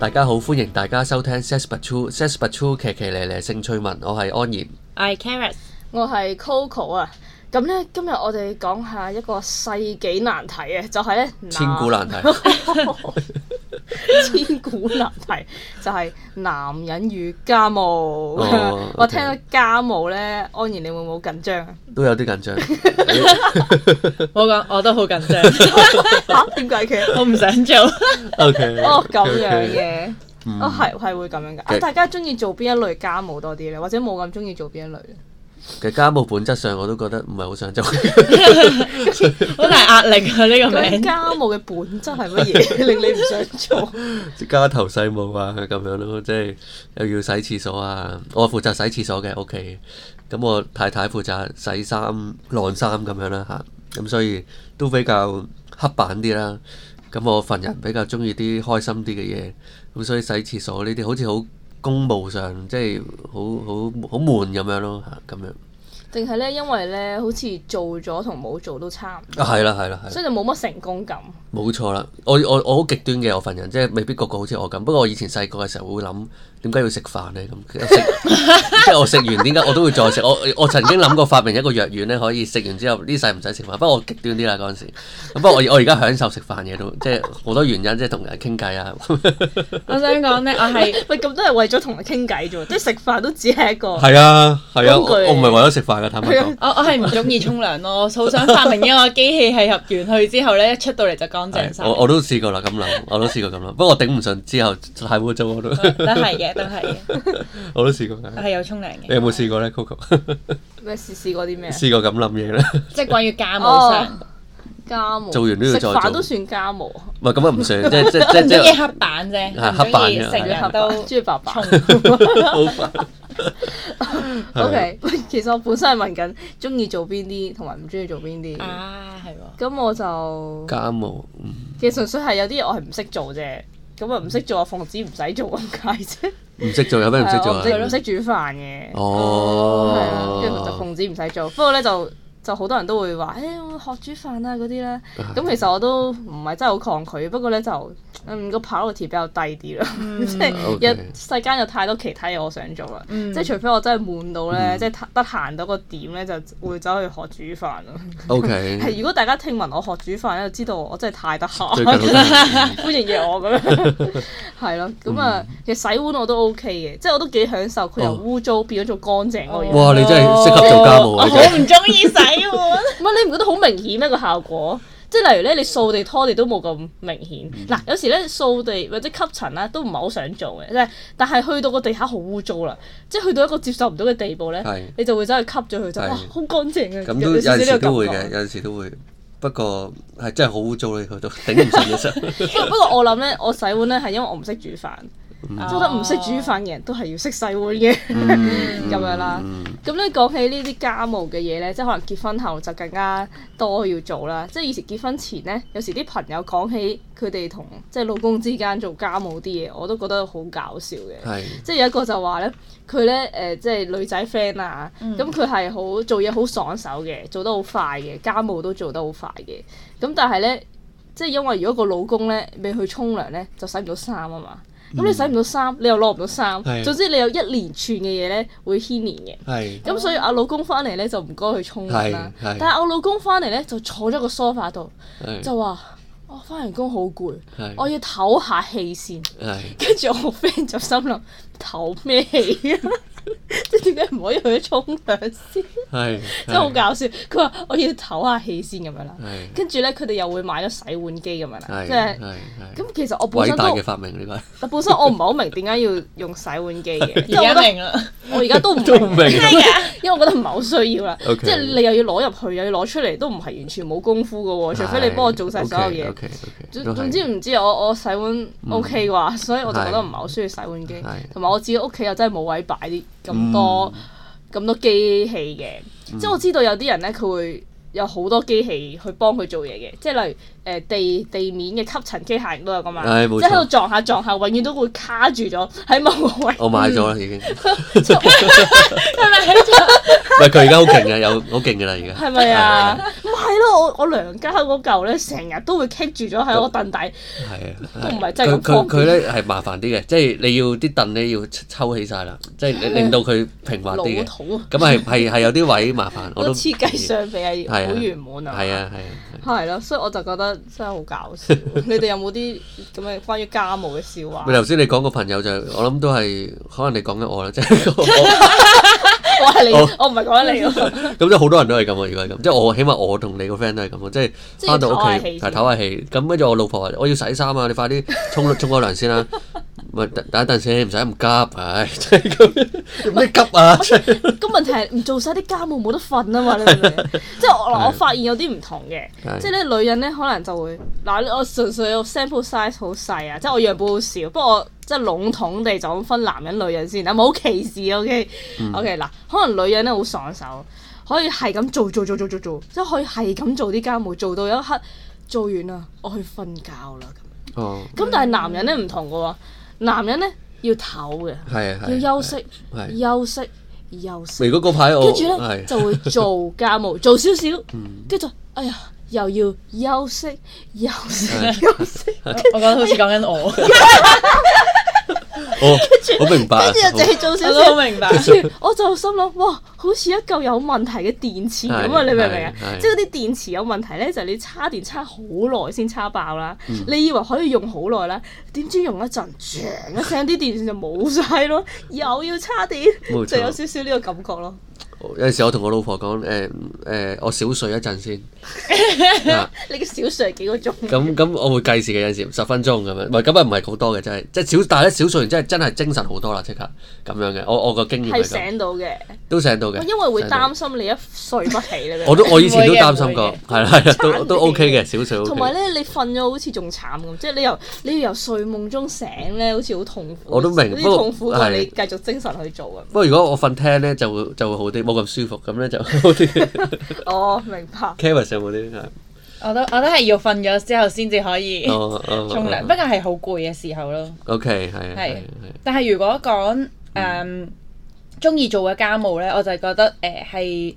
大家好，歡迎大家收聽《Sex But True》，《Sex But True》奇奇咧咧性趣聞，我係安然，I Charis，我係 Coco 啊。咁咧，今日我哋講下一個世紀難題啊，就係、是、咧千古難題。 千古難題就係、是、男人與家務，我、oh, okay. 聽到家務呢，安然你會唔會好緊張 啊？都有啲緊張， 我講我都好緊張。點解佢？我唔想做。O K。哦咁樣嘅，哦係係會咁樣嘅。大家中意做邊一類家務多啲呢？或者冇咁中意做邊一類。其實家務本質上我都覺得唔係好想做，好大壓力啊！呢個名家務嘅本質係乜嘢，令你唔想做？家頭細務啊，咁樣咯，即係又要洗廁所啊，我負責洗廁所嘅，OK，咁我太太負責洗衫晾衫咁樣啦吓，咁、啊、所以都比較刻板啲啦。咁我份人比較中意啲開心啲嘅嘢，咁所以洗廁所呢啲好似好。公務上即係好好好悶咁樣咯，咁樣。定係咧，因為咧，好似做咗同冇做都差唔多 啊，係啦，係啦，所以就冇乜成功感。冇錯啦，我我我好極端嘅我份人，即係未必個個好似我咁。不過我以前細個嘅時候會諗點解要食飯咧咁食，即係我食完點解我都會再食。我我曾經諗過發明一個藥丸咧，可以食完之後呢世唔使食飯。不過我極端啲啦嗰陣時。 不過我我而家享受食飯嘢都即係好多原因，即係同人傾偈 啊，啊。我想講咧，我係喂咁都係為咗同人傾偈啫喎，即係食飯都只係一個係啊係啊工具。我唔係為咗食飯。我我係唔中意沖涼咯，好想發明一個機器，係入完去之後咧，一出到嚟就乾淨晒。我我都試過啦，咁諗我都試過咁諗，不過我頂唔順之後太污糟我都。都係嘅，都係嘅。我都試過。係有沖涼嘅。你有冇試過咧？Coco，試試過啲咩？試過咁諗嘢啦，即係關於家務上家務。做完都要做飯，都算家務。唔係咁啊，唔算即即即即黑板啫，係黑板啊。成日都中意爸爸。 o、okay, K，其實我本身係問緊中意做邊啲，同埋唔中意做邊啲啊，係咁我就家務，其實純粹係有啲嘢我係唔識做啫。咁啊，唔 識做啊，奉旨唔使做咁解啫。唔識做有咩唔識做啊？唔識煮飯嘅。哦嗎，係啊， 跟住就奉旨唔使做。不過咧就。就好多人都會話，誒我學煮飯啊嗰啲咧，咁其實我都唔係真係好抗拒，不過咧就，嗯個 priority 比較低啲咯，即係世間有太多其他嘢我想做啦，即係除非我真係悶到咧，即係得閒到個點咧，就會走去學煮飯咯。OK，如果大家聽聞我學煮飯咧，就知道我真係太得閒，歡迎約我咁樣，係咯，咁啊，其實洗碗我都 OK 嘅，即係我都幾享受佢由污糟變咗做乾淨嗰樣。哇！你真係識得做家務，我唔中意洗。洗碗，唔係 你唔覺得好明顯咩，個效果？即係例如咧，你掃地拖地都冇咁明顯。嗱、嗯，有時咧掃地或者吸塵咧都唔係好想做嘅，即係但係去到個地下好污糟啦，即係去到一個接受唔到嘅地步咧，是你就會走去吸咗佢，就哇好乾淨嘅。咁都、啊、有時都會嘅，有陣時都會。不過係真係好污糟，你去到頂唔順嘅。不 不過我諗咧，我洗碗咧係因為我唔識煮飯。真得唔識煮飯嘅人、哦、都係要識洗碗嘅咁、嗯嗯、 樣啦。咁咧講起呢啲家務嘅嘢咧，即係可能結婚後就更加多要做啦。即係以前結婚前咧，有時啲朋友講起佢哋同即係老公之間做家務啲嘢，我都覺得好搞笑嘅。是即係有一個就話咧，佢咧誒即係女仔 friend 啊，咁佢係好做嘢好爽手嘅，做得好快嘅，家務都做得好快嘅。咁但係咧，即係因為如果個老公咧未去沖涼咧，就洗唔到衫啊嘛。咁、嗯、你洗唔到衫，你又攞唔到衫，是總之你有一連串嘅嘢咧會牽連嘅。咁是所以阿老公翻嚟咧就唔該去沖涼啦。但係我老公翻嚟咧就坐咗個梳化度，是就話我翻完工好攰，是我要唞下氣先。跟住是我 friend 就心諗唞咩氣啊？是 即係點解唔可以去沖涼先？係，真係好搞笑。佢話我要唞下氣先咁樣啦。跟住咧，佢哋又會買咗洗碗機咁樣啦。即係，咁其實我本身都發明，但本身我唔係好明點解要用洗碗機嘅。而家明啦，我而家都唔明。因為我覺得唔係好需要啦。即係你又要攞入去，又要攞出嚟，都唔係完全冇功夫噶喎。除非你幫我做晒所有嘢。總之唔知我我洗碗 OK 啩，所以我就覺得唔係好需要洗碗機。同埋我自己屋企又真係冇位擺啲。咁多咁多機器嘅，嗯、即係我知道有啲人呢，佢會有好多機器去幫佢做嘢嘅，即係例如。誒地地面嘅吸塵機械都有咁啊，即喺度撞下撞下，永遠都會卡住咗喺某個位。我買咗啦，已經。係咪？唔係，佢而家好勁啊，有好勁㗎啦，而家。係咪啊？唔係咯，我我娘家嗰嚿咧，成日都會卡住咗喺我個凳底。係啊，唔係真係佢佢咧，係麻煩啲嘅，即係你要啲凳咧要抽起晒啦，即係令到佢平滑啲。咁，係係係有啲位麻煩。都設計上比係好完滿啊。係啊係啊。係咯，所以我就覺得。真係好搞笑，你哋有冇啲咁嘅關於家務嘅笑話？頭先 你講個朋友就，我諗都係可能你講緊我啦，即 係我係 你，我唔係講緊你咁。咁 即係好多人都係咁，如果係咁，即係我起碼我同你個 friend 都係咁，即係翻到屋企，係唞下氣。咁跟住我老婆話，我要洗衫啊，你快啲沖沖個涼先啦，啊。 唔係打一陣先，唔使咁急，唉，咁咩急啊？咁問題係唔做晒啲家務冇得瞓啊嘛？你明唔明？即係嗱，我發現有啲唔同嘅，即係咧女人咧可能就會嗱，我純粹有個 sample size 好細啊，即係我樣本好少。不過我即係籠統地就咁分男人女人先啊，唔好歧視。O K，O K，嗱，可能女人咧好爽手，可以係咁做做做做做做，即係可以係咁做啲家務，做到一刻做完啦，我去瞓覺啦。咁，咁但係男人咧唔同噶。男人咧要唞嘅，要休息，休息，休息。未嗰個排我，跟住咧就會做家務，做少少，跟住哎呀又要休息，休息，休息。我覺得好似講緊我。跟住，明白。跟住我就做少少。跟住，我就心諗，哇，好似一嚿有問題嘅電池咁啊！ 你明唔明啊？ 即係啲電池有問題咧，就係、你叉電叉好耐先叉爆啦。嗯、你以為可以用好耐啦，點知用一陣，一聲啲電就冇晒咯，又要叉電， 錯就有少少呢個感覺咯。有陣時我同我老婆講誒誒，我少睡一陣先。你嘅小睡幾個鐘？咁咁我會計時嘅，有陣時，十分鐘咁樣，唔係咁啊，唔係好多嘅，真係，即係小，但係咧，小睡完真係真係精神好多啦，即刻咁樣嘅。我我個經驗係醒到嘅，都醒到嘅。因為會擔心你一睡不起。我都我以前都擔心過，係都都 OK 嘅。少少同埋咧，你瞓咗好似仲慘咁，即係你由你要由睡夢中醒咧，好似好痛苦。我都明，不過痛苦過你繼續精神去做。不過如果我瞓廳咧，就會就會好啲。冇咁舒服，咁咧就好啲。我明白。Charis，上嗰啲係，我都我都係要瞓咗之後先至可以沖涼，不過係好攰嘅時候咯。OK，係係。但係如果講誒中意做嘅家務咧，我就係覺得誒係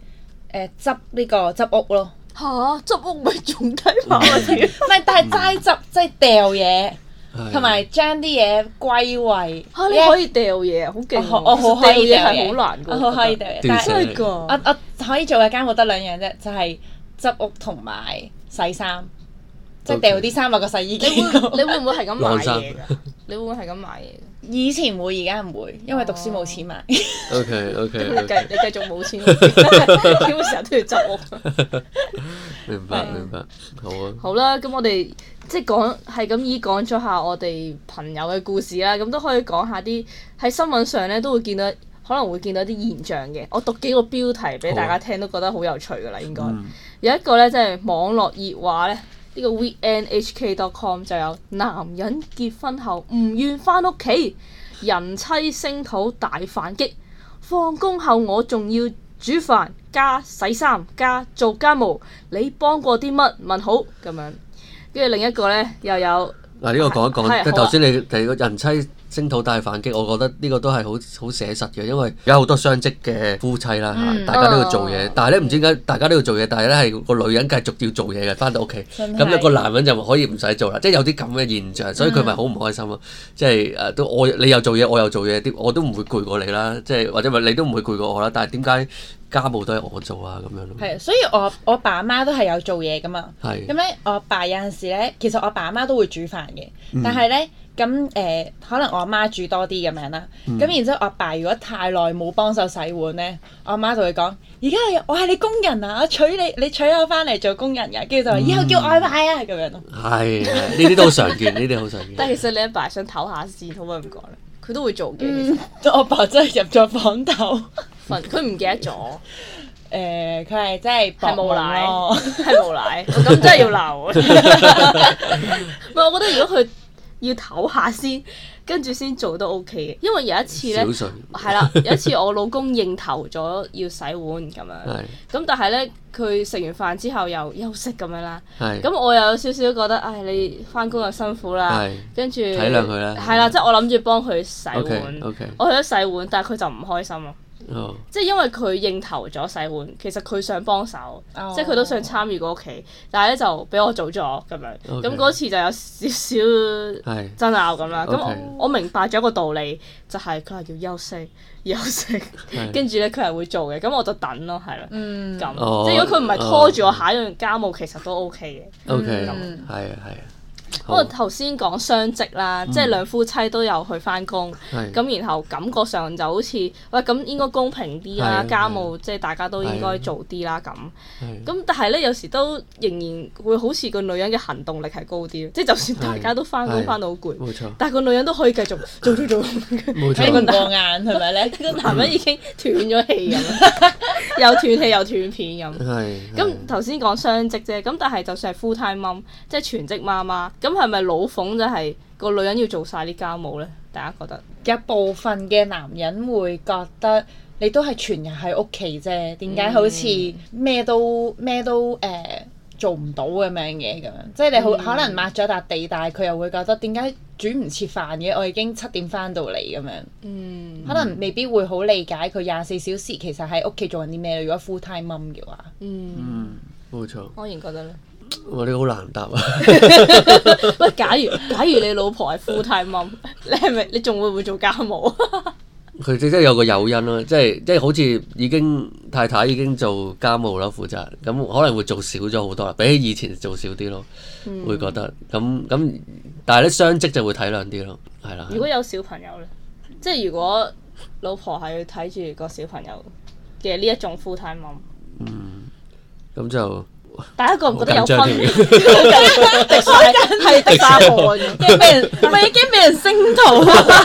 誒執呢個執屋咯。嚇，執屋唔係仲低級啲？唔係，但係齋執即係掉嘢。同埋將啲嘢歸位，你可以掉嘢啊，好勁！我我好可以掉嘢，我好可以掉嘢，真係噶！我我可以做嘅家務得兩樣啫，就係執屋同埋洗衫，即係掉啲衫落個洗衣機度。你會你會唔會係咁買嘢㗎？你會係咁買嘢？以前唔會，而家唔會，因為讀書冇錢買。Oh, OK OK, okay。 你繼你繼續冇錢，基本上都要執屋。 明白？明白。Um, 好啊吧。好啦，咁我哋即係講係咁意講咗下我哋朋友嘅故事啦，咁都可以講下啲喺新聞上咧都會見到，可能會見到啲現象嘅。我讀幾個標題俾大家聽，啊、都覺得好有趣㗎喇，應該、嗯、有一個咧，即、就、係、是、網絡熱話咧。呢個 vnhk.com 就有男人結婚後唔願翻屋企，人妻聲討大反擊。放工後我仲要煮飯、加洗衫、加做家務，你幫過啲乜？問好咁樣。跟住另一個呢，又有嗱，呢、啊這個講一講。即頭先你第二個人妻聲討大反擊，我覺得呢個都係好好寫實嘅，因為有好多雙職嘅夫妻啦，嗯、大家都要做嘢，嗯、但係咧唔知點解大家都要做嘢，嗯、但係咧係個女人繼續要做嘢嘅，翻到屋企，咁咧是個男人就可以唔使做啦，即、就、係、是、有啲咁嘅現象，所以佢咪好唔開心咯。即係誒，都我你又做嘢，我又做嘢，啲我，我都唔會攰過你啦，即、就、係、是、或者咪你都唔會攰過我啦，但係點解家務都係我做啊咁樣？係，所以我我爸阿媽都係有做嘢噶嘛。係。咁咧，我爸有陣是時咧，其實我爸阿媽都會煮飯嘅，但係咧。嗯咁誒，可能我阿媽煮多啲咁樣啦。咁然之後，阿爸如果太耐冇幫手洗碗咧，我阿媽就會講：而家我係你工人啊，我娶你，你娶我翻嚟做工人噶。跟住就話：以後叫外賣啊咁樣。係，呢啲都好常見，呢啲好常見。但係其實你阿爸想唞下先，可唔可以唔講咧？佢都會做嘅。我阿爸真係入咗房唞，佢唔記得咗。誒，佢係真係，係無賴，係無賴，咁真係要鬧。唔係，我覺得如果佢。要唞下先，跟住先做都 O K 嘅，因為有一次咧，係啦小水， 有一次我老公應頭咗要洗碗咁樣，咁是但係咧佢食完飯之後又休息咁樣啦，咁是我又有少少覺得，唉、哎，你翻工又辛苦啦，跟住是後體諒佢啦，係啦，即係、就是、我諗住幫佢洗碗，okay, okay. 我去咗洗碗，但係佢就唔開心咯。即係因為佢應投咗洗碗，其實佢想幫手，即係佢都想參與個屋企，但係咧就俾我早咗咁樣。咁嗰次就有少少爭拗咁啦。咁我我明白咗一個道理，就係佢係要休息休息，跟住咧佢係會做嘅。咁我就等咯，係啦。嗯，咁即係如果佢唔係拖住我下一樣家務，其實都 OK 嘅。OK，係啊，係啊。不過頭先講雙職啦，即係兩夫妻都有去翻工，咁然後感覺上就好似喂咁應該公平啲啦，家務即係大家都應該做啲啦咁。咁但係咧有時都仍然會好似個女人嘅行動力係高啲，即係就算大家都翻工翻到好攰，冇錯，但係個女人都可以繼續做做做，睇唔過眼係咪咧？個男人已經斷咗氣咁，又斷氣又斷片咁。咁頭先講雙職啫，咁但係就算係 full time mom，即係全職媽媽。咁係咪老馮就係個女人要做晒啲家務呢？大家覺得？有部分嘅男人會覺得你都係全日喺屋企啫，點解好似咩都咩、嗯、都誒、呃、做唔到咁樣嘅？咁樣即係你好可能抹咗笪地，但係佢又會覺得點解煮唔切飯嘅？我已經七點翻到嚟咁樣。嗯，可能未必會好理解佢廿四小時其實喺屋企做緊啲咩。如果 full time mom 嘅話，嗯，冇、嗯、錯，安然覺得啦。哇！呢、這、好、個、難答啊。 喂，假如假如你老婆係富 u l 你係咪你仲會唔會做家務啊？佢真係有個誘因咯，即係即係好似已經太太已經做家務啦，負責咁可能會做少咗好多，比起以前做少啲咯，嗯、會覺得咁咁。但係咧相職就會體諒啲咯，係啦。如果有小朋友咧，即係如果老婆係要睇住個小朋友嘅呢一種富 u l l 嗯，咁就。大家覺唔覺得有分別？係得翻我嘅，驚俾人，我已經俾人升頭啦。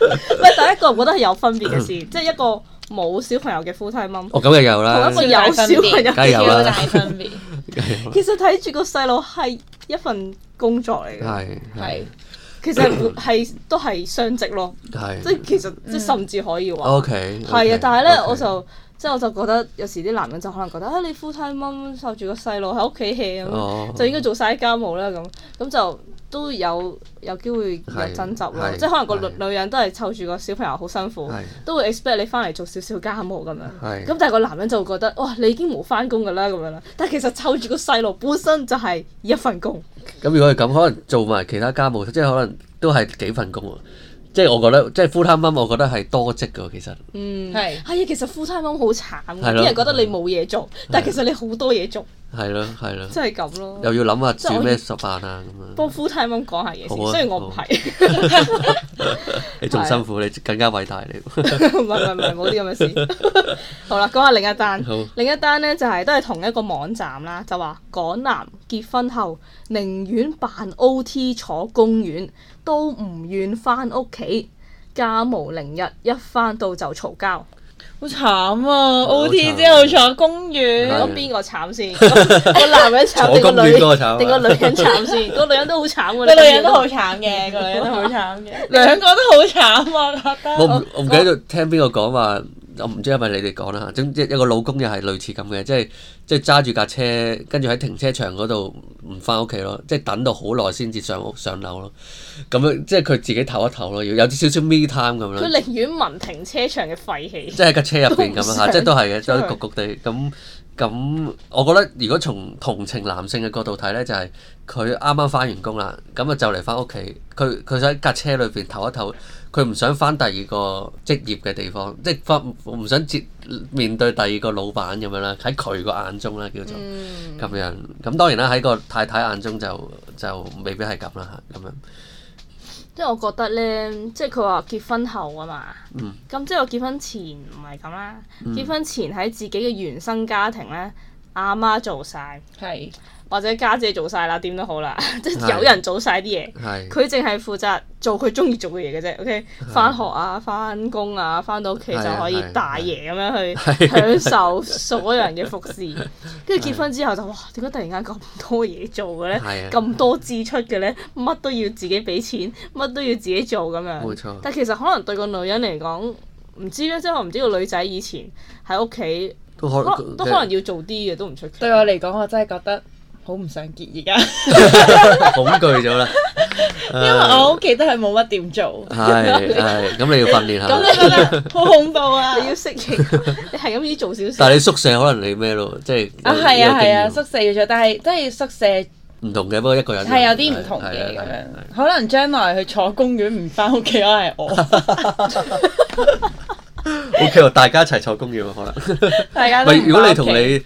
喂， 第一個唔覺得係有分別嘅事， 即係一個冇小朋友嘅夫妻媽。哦，咁又有啦。同一個有小朋友，梗係有大分別。啊、其實睇住個細路係一份工作嚟嘅，係係、啊。其實係 都係雙職咯，是即係其實即係、嗯、甚至可以話係啊！但係咧，okay. 我就即係我就覺得有時啲男人就可能覺得啊，你 full time mom 受住個細路喺屋企 hea 咁，oh. 就應該做曬家務啦咁，咁就。都有有機會有爭執咯，即係可能個女人都係湊住個小朋友好辛苦，是都會 expect 你翻嚟做少少家務咁樣。咁是但係個男人就會覺得，哇！你已經冇翻工㗎啦咁樣啦。但係其實湊住個細路本身就係一份工。咁、嗯、如果係咁，可能做埋其他家務，即係可能都係幾份工啊！即係我覺得，即係 full time mom 我覺得係多職㗎。其實，嗯，係是，係啊、哎，其實 full time mom 好慘，啲的人覺得你冇嘢做，的但係其實你好多嘢做。係咯，係咯，即係咁咯，又要諗下轉咩十八啊咁啊，樣幫夫太 l l 講下嘢先，啊、雖然我唔係，你仲辛苦， 你更加偉大你，唔係唔係唔係冇啲咁嘅事， 好啦、啊，講下另一單，好另一單咧就係、是、都係同一個網站啦，就話港男結婚後寧願扮 OT 坐公園，都唔願翻屋企，家無寧日，一翻到就嘈交。好慘啊！O.T. 之後坐公園，咁邊個慘先？個男人慘定個女定個女人慘先？個女人都好慘嘅，個女人都好慘嘅，兩個都好慘啊！我我唔記得咗聽邊個講話。我唔知係咪你哋講啦。總之一個老公又係類似咁嘅，即係即係揸住架車，跟住喺停車場嗰度唔翻屋企咯，即係等到好耐先至上屋上樓咯。咁樣即係佢自己唞一唞咯，要有啲少少 me time 咁樣。佢寧願聞停車場嘅廢氣。即係架車入邊咁啊！不即係都係嘅，都焗焗地。咁咁去，我覺得如果從同情男性嘅角度睇咧，就係佢啱啱翻完工啦，咁啊就嚟翻屋企，佢佢想喺架車裏邊唞一唞。佢唔想返第二個職業嘅地方，即係返唔想接面對第二個老闆咁樣啦。喺佢個眼中咧叫做咁、嗯、樣。咁當然啦，喺個太太眼中就就未必係咁啦嚇咁樣。樣即係我覺得咧，即係佢話結婚後啊嘛，咁、嗯、即係我結婚前唔係咁啦。嗯、結婚前喺自己嘅原生家庭咧，阿媽，媽做晒。係。或者家姐做晒啦，點都好啦，即係有人做晒啲嘢，佢淨係負責做佢中意做嘅嘢嘅啫。OK，翻學啊，翻工啊，翻到屋企就可以大爺咁樣去享受所有人嘅服侍。跟住結婚之後就哇，點解突然間咁多嘢做嘅咧？咁多支出嘅咧，乜都要自己俾錢，乜都要自己做咁樣。冇錯。但其實可能對個女人嚟講，唔知咧，即係我唔知個女仔以前喺屋企都可能可能要做啲嘅，都唔出奇。對我嚟講，我真係覺得。好唔想結而家，恐懼咗啦。因為我屋企都係冇乜點做。係係，咁你要訓練下。咁你覺得好恐怖啊！你要適應，你係咁要做少少。但你宿舍可能你咩咯，即係。啊係啊係啊，宿舍嘅啫。但係都係宿舍唔同嘅，不過一個人係有啲唔同嘅咁樣。可能將來去坐公園唔返屋企可能係我。OK，大家一齊坐公園可能。係啊。喂，如果你同你。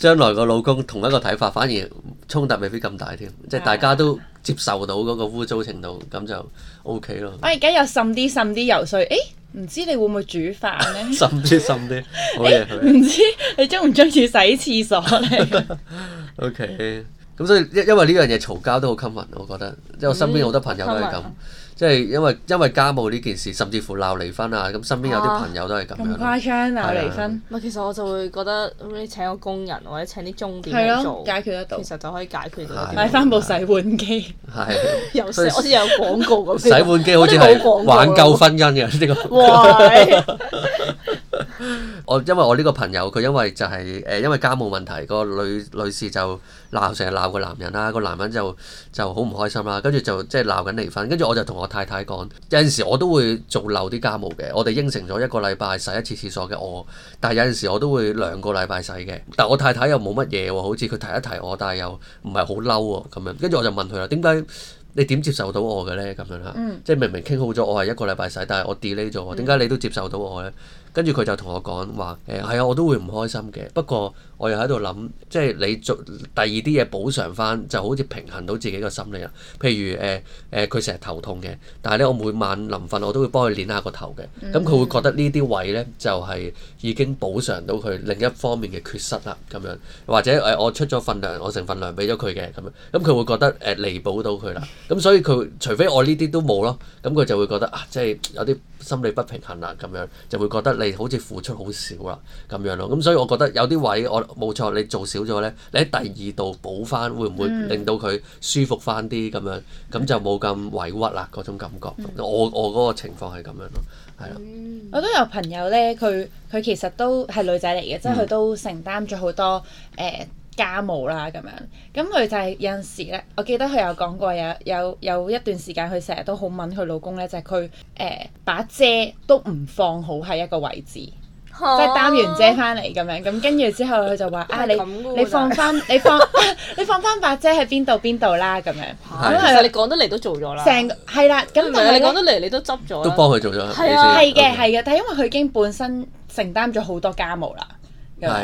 將來個老公同一個睇法，反而衝突未必咁大添，即係大家都接受到嗰個污糟程度，咁就 OK 咯。我而家又浸啲浸啲游說，誒唔知你會唔會煮飯咧？浸啲浸啲，好嘢，唔 知 你中唔中意洗廁所咧 ？OK，咁所以因因為呢樣嘢嘈交都好 common，我覺得，即係我身邊好多朋友都係咁。嗯 即係因為因為家務呢件事，甚至乎鬧離婚啊！咁身邊有啲朋友都係咁樣，咁、啊、誇張啊，啊離婚。其實我就會覺得咁樣請個工人或者請啲鐘點嚟做、啊、解決得到，其實就可以解決到、啊。買翻部洗碗機，有時好似有廣告咁。洗碗機好似係 挽救婚姻嘅呢個。我因為我呢個朋友佢因為就係、是、誒因為家務問題、個女女、女、女士就。鬧成日鬧個男人啦，個男人就就好唔開心啦，跟住就即係鬧緊離婚，跟住我就同我太太講，有陣時我都會做漏啲家務嘅，我哋應承咗一個禮拜洗一次廁所嘅我，但係有陣時我都會兩個禮拜洗嘅，但我太太又冇乜嘢喎，好似佢提一提我，但係又唔係好嬲喎咁樣，跟住我就問佢啦，點解你點接受到我嘅咧咁樣嚇？即係明明傾好咗，我係一個禮拜洗，但係我 delay 咗我。點解你都接受到我咧？跟住佢就同我講話，誒係啊，我都會唔開心嘅。不過我又喺度諗，即係你做第二啲嘢補償翻，就好似平衡到自己個心理啊。譬如誒誒，佢成日頭痛嘅，但係咧，我每晚臨瞓我都會幫佢捏下個頭嘅。咁佢會覺得呢啲位咧就係已經補償到佢另一方面嘅缺失啦。咁樣或者誒，我出咗份糧，我成份糧俾咗佢嘅咁樣，咁佢會覺得誒、哎、彌補到佢啦。咁所以佢除非我呢啲都冇咯，咁佢就會覺得啊，即係有啲心理不平衡啦。咁樣就會覺得。你好似付出好少啦，咁樣咯，咁所以我覺得有啲位我冇錯，你做少咗呢，你喺第二度補翻，會唔會令到佢舒服翻啲咁樣？咁就冇咁委屈啦，嗰種感覺。嗯、我我嗰個情況係咁樣咯，係啦。嗯、我都有朋友呢，佢佢其實都係女仔嚟嘅，即係佢都承擔咗好多誒。嗯呃家務啦咁樣，咁佢就係有陣時咧，我記得佢有講過，有有有一段時間佢成日都好問佢老公咧，就係佢誒把遮都唔放好喺一個位置，即係擔完遮翻嚟咁樣，咁跟住之後佢就話啊，你你放翻你放你放翻把遮喺邊度邊度啦咁樣，咁其實你講得嚟都做咗啦，成係啦，咁但係你講得嚟你都執咗，都幫佢做咗，係啊，係嘅，係嘅，但係因為佢已經本身承擔咗好多家務啦。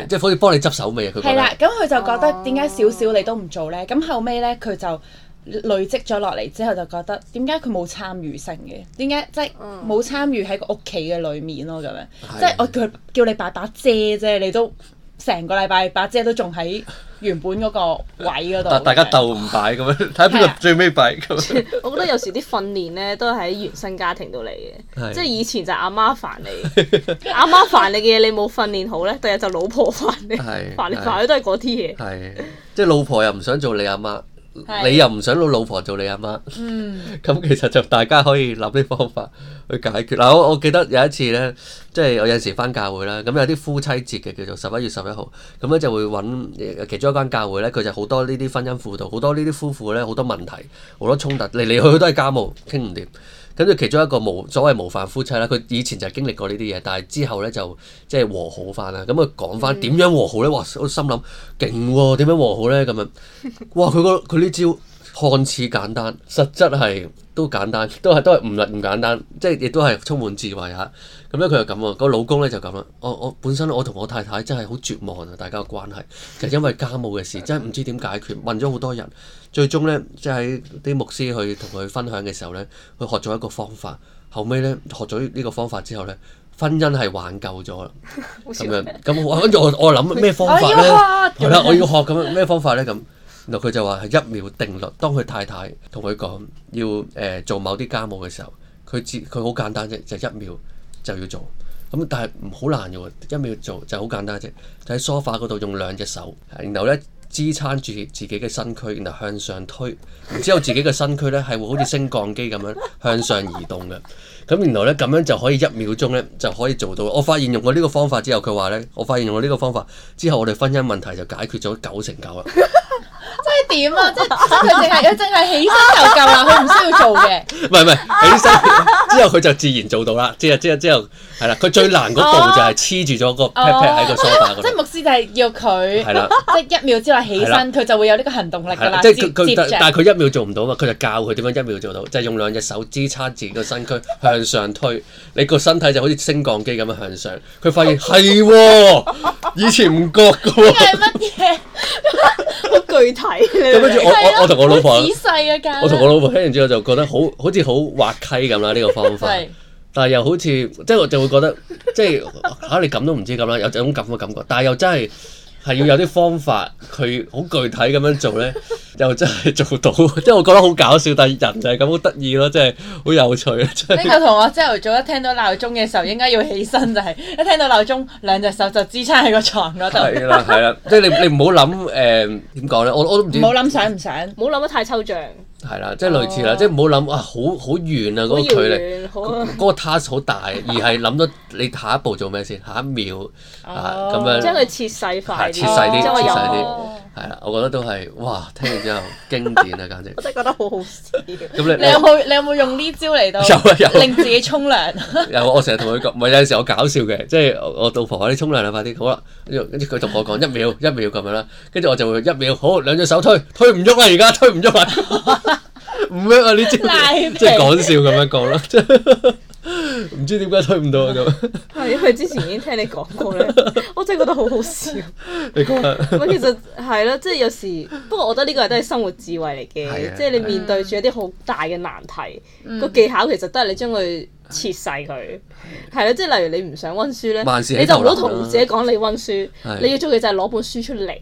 即係可以幫你執手尾，佢係啦，咁佢就覺得點解少少你都唔做呢？咁後尾呢，佢就累積咗落嚟之後，就覺得點解佢冇參與性嘅？點解即係冇參與喺個屋企嘅裡面咯？咁樣，即係的我叫叫你擺把遮啫，你都。成個禮拜，八姐都仲喺原本嗰個位嗰度。但大家鬥唔擺咁樣，睇下邊個最尾擺咁。我覺得有時啲訓練咧，都係喺原生家庭度嚟嘅。是即係以前就阿媽煩你，阿媽煩你嘅嘢，你冇訓練好咧，第日就老婆煩你，煩 你煩你都係嗰啲嘢。係，即係老婆又唔想做你阿媽。你又唔想老老婆做你阿媽，咁、嗯、 其實就大家可以諗啲方法去解決啦、啊。我我記得有一次咧，即、就、係、是、我有時返教會啦，咁有啲夫妻節嘅叫做十一月十一號，咁咧就會揾其中一間教會咧，佢就好多呢啲婚姻輔導，好多呢啲夫婦咧，好多問題，好多衝突，嚟嚟去去都係家務傾唔掂。跟住，其中一個無所謂模範夫妻啦，佢以前就經歷過呢啲嘢，但係之後咧就即係和好翻啦。咁啊講翻點樣和好咧？哇！我心諗勁喎，點樣和好咧？咁啊，哇！佢個佢呢招。看似簡單，實質係都簡單，都係都係唔唔簡單，即係亦都係充滿智慧嚇。咁咧佢又咁喎，個、嗯、老公咧就咁啦。我我本身我同我太太真係好絕望啊，大家嘅關係就因為家務嘅事， 真係唔知點解決，問咗好多人，最終呢，即係啲牧師去同佢分享嘅時候呢，佢學咗一個方法。後尾呢，學咗呢個方法之後呢，婚姻係挽救咗啦。咁、嗯、樣咁跟住我我諗咩方法呢？係 學啦，我要學咁咩方法呢？」咁。嗱，佢就話係一秒定律。當佢太太同佢講要誒、呃、做某啲家務嘅時候，佢自佢好簡單啫，就是、一秒就要做咁、嗯。但係唔好難嘅一秒做就好簡單啫，就喺、是、梳化嗰度用兩隻手，然後咧支撐住自己嘅身軀，然後向上推，然之後自己嘅身軀咧係會好似升降機咁樣向上移動嘅。咁原來咧咁樣就可以一秒鐘咧就可以做到。我發現用過呢個方法之後，佢話咧，我發現用過呢個方法之後，我哋婚姻問題就解決咗九成九啦。點啊！即即佢淨係佢淨係起身就夠啦，佢唔需要做嘅。唔係唔係起身之後佢就自然做到啦、啊啊啊啊。即係即係之後係啦，佢最難嗰步就係黐住咗個 pat pat 喺個梳化。即係牧師就係要佢係啦，了即係一秒之內起身，佢了就會有呢個行動力噶啦即係但係佢一秒做唔到嘛，佢就教佢點樣一秒做到，就係、是、用兩隻手支撐住個身軀 向上推，你個身體就好似升降機咁樣向上。佢發現係， 以前唔覺嘅、啊。呢係乜嘢？ 去睇，跟住我的我我同我老婆，仔細我同我老婆聽完之後就覺得好好似好滑稽咁啦，呢、呢個方法， 的但係又好似即係我就會覺得即係嚇、啊、你咁都唔知咁啦，有種咁嘅感覺，但係又真係。係要有啲方法，佢好具體咁樣做咧， 又真係做到。即係我覺得好搞笑，但係人就係咁好得意咯，即係好有趣。呢個同我朝頭早一聽到鬧鐘嘅時候， 應該要起身就係、係、一聽到鬧鐘，兩隻手就支撐喺個床嗰度。係 啦，係啦。即係你你唔好諗誒點講咧，我我都唔好諗想唔想，想，唔好諗得太抽象。係啦，即係類似啦，哦、即係唔好諗啊，好好遠啊，嗰個距離，嗰個 task 好大，而係諗到你下一步做咩先，下一秒、哦、啊，咁樣將佢切細快、啊、切細啲，啊、切細啲。係啦，我覺得都係哇！聽完之後經典啊，簡直 我真係覺得好好笑。咁 你你有冇 你有冇用呢招嚟到 有，有 令自己沖涼？ 有我成日同佢講，唔係有陣時我搞笑嘅，即係我，我老婆話你沖涼啦，快啲好啦。跟住佢同我講一秒一秒咁樣啦。跟住我就會一秒好兩隻手推推唔喐啊，而家推唔喐啊，唔喐啊呢招， 即係講笑咁樣講啦。 唔知點解推唔到啊，咁。係因為之前已經聽你講過咧，我真係覺得好好笑。咁其實係咯，即係有時。不過我覺得呢個係都係生活智慧嚟嘅，即係你面對住一啲好大嘅難題，個技巧其實都係你將佢切細佢，係咯。即係例如你唔想溫書咧，你就唔好同自己講你溫書，你要做嘅就係攞本書出嚟，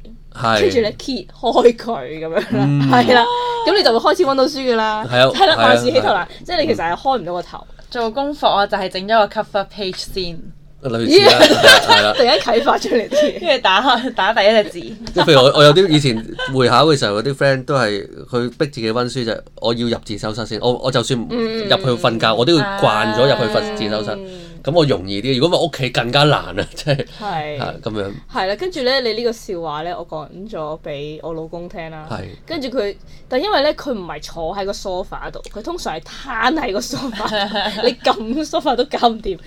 跟住你揭開佢咁樣，係啦。咁你就會開始溫到書噶啦，係啦，萬事起頭難，即係你其實係開唔到個頭。做功課，啊，就係整咗個 cover page 先，類似啦、啊，係啦 了，突然間啟發出嚟先，跟住打開打第一隻字。即譬 如我，我有啲以前會考嘅時候，有啲 friend 都係去逼自己温書就是，我要入自修室先，我我就算入去瞓覺，嗯、我都要慣咗入去瞓自修室。嗯嗯。咁我容易啲，如果咪屋企更加難啊，即係，係咁是、啊、樣。係啦，跟住咧，你呢個笑話咧，我講咗俾我老公聽啦。係的。跟住佢，但因為咧，佢唔係坐喺個 sofa 度，佢通常係攤喺個 sofa，你撳 sofa 都搞唔掂。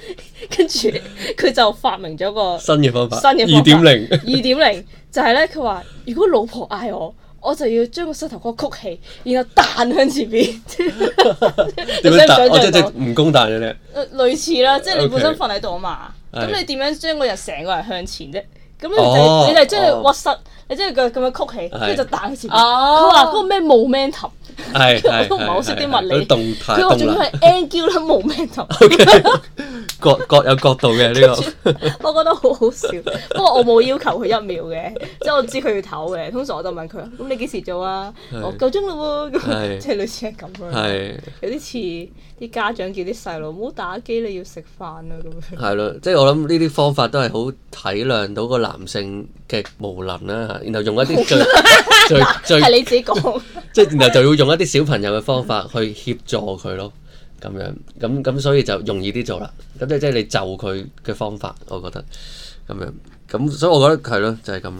跟住佢就發明咗個新嘅方法，新嘅方法，二點零，二點零就係咧，佢話如果老婆嗌我。我就要將個膝頭哥曲起，然後彈向前邊。 點樣彈？我即、就、係、是就是、蜈蚣彈嘅咧。呃，類似啦，Okay. 即係你本身瞓喺度啊嘛。咁 Okay. 你點樣將個人成個人向前啫？咁是你就是哦、你就係將屈膝，哦、你即係咁咁樣曲起，跟住就彈前邊。佢話嗰個咩 momentum。係係係我都唔係好識啲物理動態，佢話仲要係 N Q 啦，冇咩頭。OK，各各有角度嘅呢個，我覺得好好笑。不過我冇要求佢一秒嘅，即係我知佢要唞嘅。通常我就問佢：，咁你幾時做啊？我夠鐘啦喎。即係類似係咁樣，係有啲似啲家長叫啲細路唔好打機，你要食飯啊咁樣。係咯，即係我諗呢啲方法都係好體諒到個男性嘅無能啦。然後用一啲最最最係你自己講。即係然後就要用一啲小朋友嘅方法去協助佢咯，咁樣咁咁所以就容易啲做啦。咁即即係你就佢嘅方法，我覺得咁樣咁，所以我覺得係咯，就係、是、咁。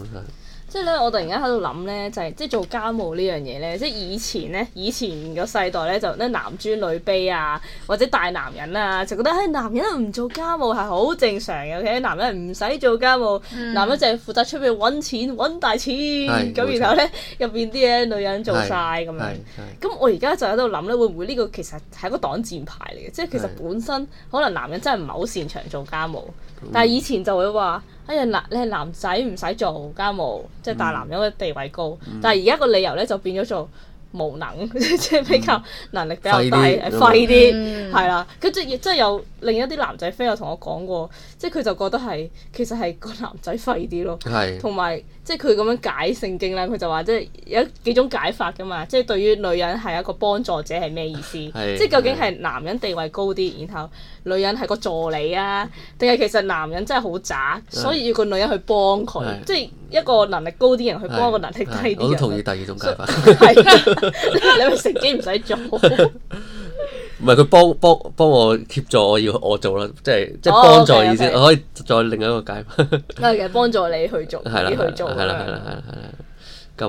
即係咧，我突然間喺度諗咧，就係、是、即係做家務呢樣嘢咧。即係以前咧，以前個世代咧，就咧男尊女卑啊，或者大男人啊，就覺得誒、哎、男人唔做家務係好正常嘅。O.K. 男人唔使做家務，嗯、男人就係負責出去揾錢揾大錢，咁、嗯、然後咧入邊啲嘢女人做晒咁樣。咁我而家就喺度諗咧，會唔會呢個其實係一個擋箭牌嚟嘅？即係其實本身可能男人真係唔係好擅長做家務，但係以前就會話。哎呀，男你係男仔唔使做家務，即係大男人嘅地位高。嗯、但係而家個理由咧就變咗做無能，即 係比較能力比較低，嗯、廢啲係啦。跟住亦即係有另一啲男仔 friend 有同我講過，即係佢就覺得係其實係個男仔廢啲咯，同埋是。即係佢咁樣解聖經咧，佢就話即係有幾種解法噶嘛。即係對於女人係一個幫助者係咩意思？ 是即係究竟係男人地位高啲，然後女人係個助理啊？定係其實男人真係好渣，是所以要個女人去幫佢？是即係一個能力高啲人去幫個能力低啲人？我同意第二種解法。你咪聖經唔使做。唔係佢幫幫幫我協助我要我做啦，即係即係幫助意思，oh, okay, okay. 我可以再另一個解。係 嘅，幫助你去做而的去做。係啦，係啦，係啦，係啦。咁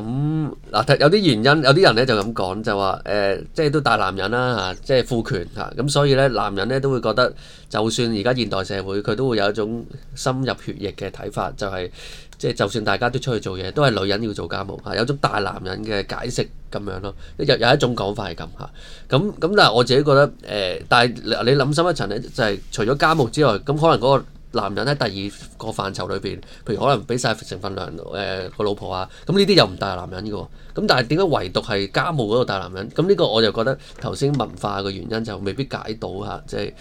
嗱，有啲原因，有啲人咧就咁講，就話誒、呃，即係都大男人啦嚇、啊，即係父權嚇，咁、啊、所以咧，男人咧都會覺得，就算而家現代社會，佢都會有一種深入血液嘅睇法，就係即係就算大家都出去做嘢，都係女人要做家務嚇、啊，有種大男人嘅解釋咁樣咯，有有一種講法係咁嚇，咁、啊、咁，但係我自己覺得誒、呃，但係你諗深一層咧，就係、是、除咗家務之外，咁可能、嗰個。男人喺第二個範疇裏邊，譬如可能俾晒成份糧，誒、呃、個老婆啊，咁呢啲又唔大男人嘅喎，咁但係點解唯獨係家務嗰個大男人？咁、嗯、呢、這個我就覺得頭先文化嘅原因就未必解到吓、啊，即係、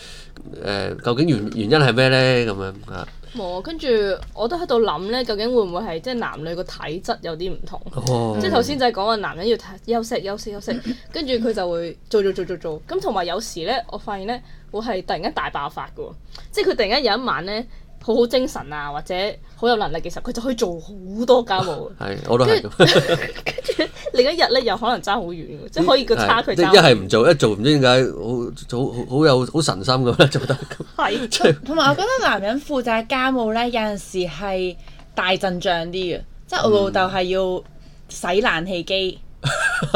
呃、究竟原原因係咩呢？咁樣啊？哦，跟住我都喺度諗呢，究竟會唔會係即係男女個體質有啲唔同？Oh. 即係頭先就係講話男人要休息、休息、休息，跟住佢就會做做做做做，咁同埋有時呢，我發現呢，會係突然間大爆發㗎喎，即係佢突然間有一晚呢。好好精神啊，或者好有能力嘅時候，佢就可以做好多家務。係、啊，我都係。跟住後 另一日咧，又可能差好遠，即係可以個差距差。即一係唔做，一做唔知點解好，好好有好神心咁樣做得。咁 是。係以。同埋我覺得男人負責家務咧，有陣時係大陣仗啲嘅，嗯、即係我老豆係要洗冷氣機。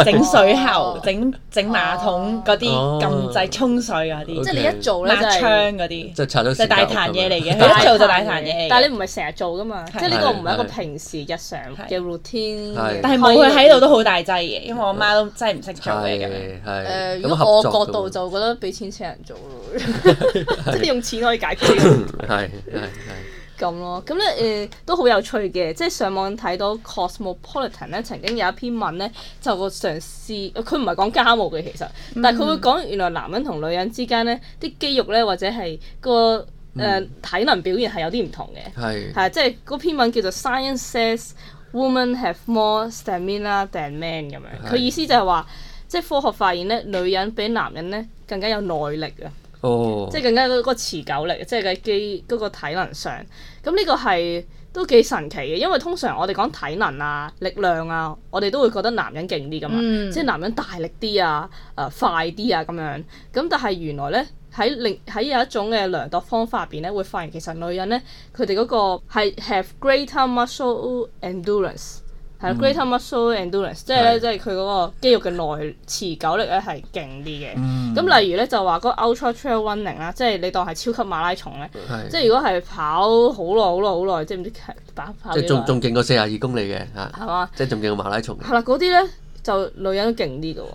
整水喉、整整馬桶嗰啲撳掣沖水嗰啲，即係你一做咧窗嗰啲，就拆咗，大壇嘢嚟嘅。佢一做就大壇嘢。但係你唔係成日做噶嘛，即係呢個唔係一個平時日常嘅 routine。但係冇佢喺度都好大劑嘅，因為我媽都真係唔識做嘅。係誒，如果我角度就覺得俾錢請人做咯，即係你用錢可以解決。係係係。咁咯，咁咧誒都好有趣嘅，即係上網睇到《Cosmopolitan》咧曾經有一篇文咧，就個嘗試，佢唔係講家務嘅其實，嗯、但係佢會講原來男人同女人之間咧啲肌肉咧或者係、個誒、呃、體能表現係有啲唔同嘅，係、嗯，係是、啊、即係嗰篇文叫做《Science says women have more stamina than men》咁樣，佢是意思就係話即係科學發現咧，女人比男人咧更加有耐力啊，哦，即係更加嗰個持久力，即係嘅肌嗰個體能上。咁呢個係都幾神奇嘅，因為通常我哋講體能啊、力量啊，我哋都會覺得男人勁啲噶嘛，嗯、即係男人大力啲啊、呃、快啊快啲啊咁樣。咁但係原來呢，喺另喺有一種嘅量度方法入邊呢，會發現其實女人呢，佢哋嗰個係 have greater muscle endurance。係 greater muscle endurance，即係咧，即係佢嗰個肌肉嘅耐持久力咧係勁啲嘅。咁、mm hmm. 例如咧就話嗰個 ultra trail running 啦，即係你當係超級馬拉松咧、mm hmm.，即係如果係跑好耐、好耐、好耐，即係唔知跑即係仲仲勁過四十二公里嘅嚇。係嘛吧？即係仲勁過馬拉松。係啦，嗰啲咧就女人都勁啲嘅喎。